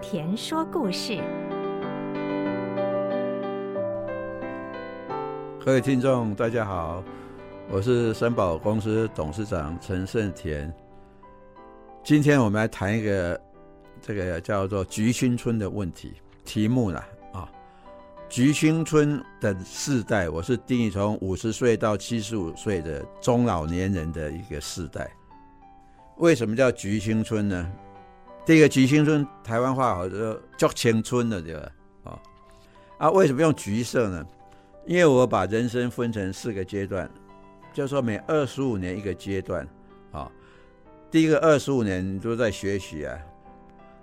田說故事，各位聽眾，大家好，我是森寶公司董事長陳勝田。今天我們來談一個這個叫做“橘青春”的問題，題目呢，啊，“橘青春”的世代，我是定義從五十歲到七十五歲的中老年人的一個世代。為什麼叫“橘青春”呢？這個橘青春，台灣話好像叫青春的對吧？啊啊，為什麼用橘色呢？因為我把人生分成四個階段，就說每二十五年一個階段啊。第一個二十五年你都在學習啊，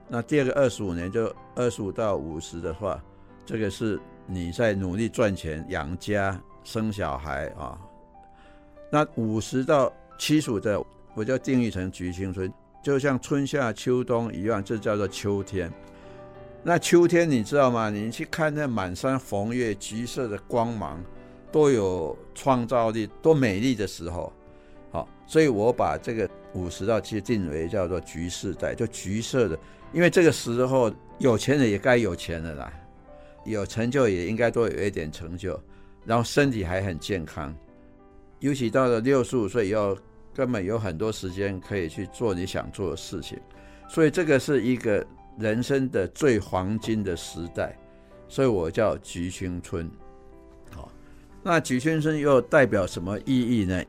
那第二個二十五年就二十五到五十的話，這個是你在努力賺錢、養家、生小孩啊。那五十到七十五的，我我就定義成橘青春。就像春夏秋冬一樣，這叫做秋天。那秋天，你知道嗎？你去看那滿山紅葉、橘色的光芒，多有創造力，多美麗的時候。好，所以我把這個五十到七十定為叫做橘世代，就橘色的。因為這個時候，有錢人也該有錢了啦，有成就也應該多有一點成就，然後身體還很健康。尤其到了六十五歲以後，要。根本有很多時間可以去做你想做的事情，所以這個是一個人生的最黃金的時代，所以我叫橘青春。好，那橘青春又代表什麼意義呢？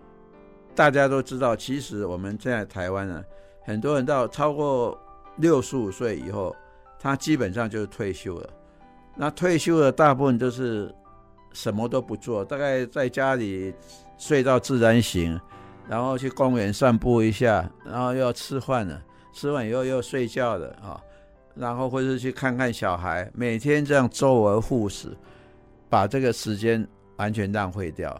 大家都知道，其實我們現在台灣呢，很多人到超過六十五歲以後，他基本上就是退休了。那退休的大部分都是什麼都不做，大概在家裡睡到自然醒。然後去公園散步一下，然後又要吃飯了，吃完以後又睡覺了啊、哦，然後或者去看看小孩，每天這樣周而復始，把這個時間完全浪費掉，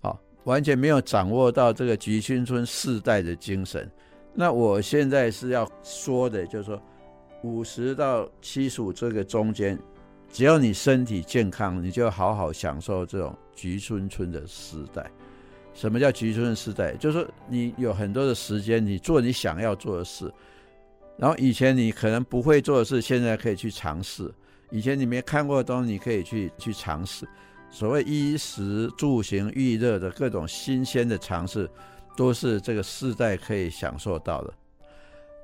好、哦，完全沒有掌握到這個橘青春世代的精神。那我現在是要說的，就是說五十到七十五這個中間，只要你身體健康，你就好好享受這種橘青春的時代。什麼叫“橘青春世代”？就是說，你有很多的時間，你做你想要做的事。然後以前你可能不會做的事，現在可以去嘗試；以前你沒看過的東西，你可以去去嘗試。所謂衣食住行、娛樂的各種新鮮的嘗試，都是這個世代可以享受到的。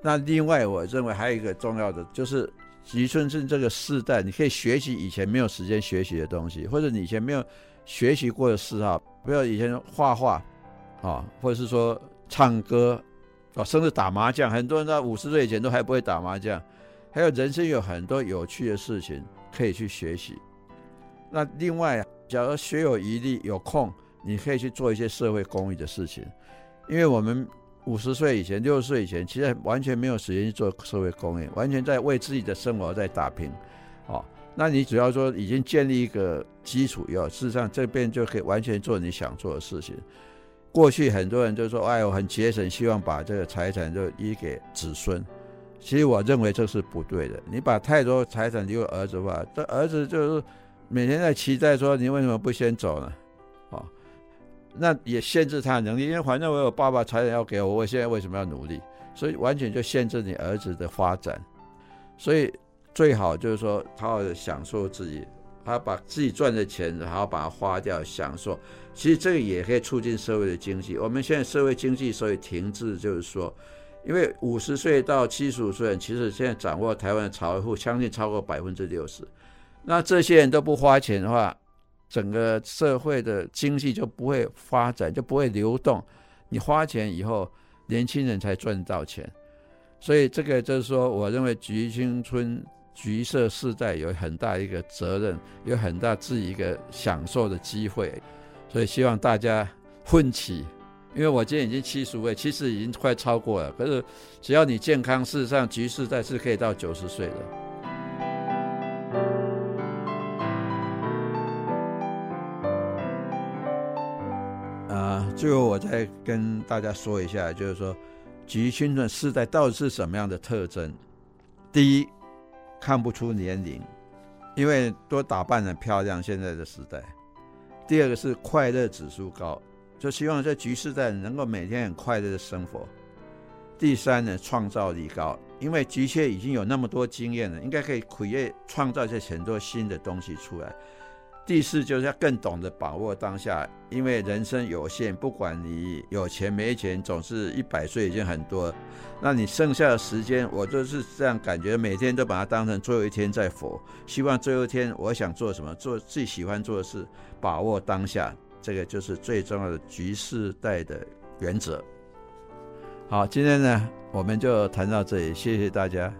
那另外，我認為還有一個重要的，就是。橘青春這個世代，你可以學習以前沒有時間學習的東西，或者你以前沒有學習過的事啊，不要以前畫畫，啊，或者是說唱歌，啊，甚至打麻將，很多人在五十歲以前都還不會打麻將。還有人生有很多有趣的事情可以去學習。那另外、啊，假如學有餘力、有空，你可以去做一些社會公益的事情，因為我們。五十歲以前，六十歲以前，其實完全沒有時間去做社會公益，完全在為自己的生活在打拼，哦，那你只要說已經建立一個基礎以後，事實上這邊就可以完全做你想做的事情。過去很多人就說，哎，我很節省，希望把這個財產就移給子孫。其實我認為這是不對的。你把太多財產留給兒子的話，這兒子就是每天在期待說，你為什麼不先走呢？那也限制他的能力，因為反正我有爸爸財產要給我，我現在為什麼要努力？所以完全就限制你兒子的發展。所以最好就是說，他要享受自己，他把自己賺的錢，然後把它花掉，享受。其實這個也可以促進社會的經濟。我們現在社會經濟所以停滯，就是說，因為五十歲到七十五歲，其實現在掌握台灣的財富，將近超過百分之六十。那這些人都不花錢的話，整個社會的經濟就不會發展，就不會流動。你花錢以後，年輕人才賺到錢。所以這個就是說，我認為橘青春、橘色世代有很大一個責任，有很大自己一個享受的機會。所以希望大家奮起，因為我今天已經七十歲，其實已經快超過了。可是只要你健康，事實上，橘世代是可以到九十歲的。最後我再跟大家說一下，就是說，橘青的世代到底是什麼樣的特徵？第一，看不出年齡，因為都打扮的漂亮現在的時代。第二個是快樂指數高，就希望在橘世代能夠每天很快樂的生活。第三呢，創造力高，因為橘青已經有那麼多經驗了，應該可以苦業創造一些很多新的東西出來。第四就是要更懂得把握當下，因為人生有限，不管你有錢沒錢，總是一百歲已經很多。那你剩下的時間，我就是這樣感覺，每天都把它當成最後一天在活。希望最後一天，我想做什麼，做最喜歡做的事。把握當下，這個就是最重要的橘世代的原則。好，今天呢，我們就談到這裡，謝謝大家。